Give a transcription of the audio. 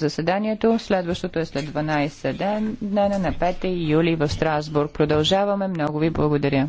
заседанието. Следващото е след 12 ден, дена на 5 юли в Страсбург. Продължаваме. Много ви благодаря.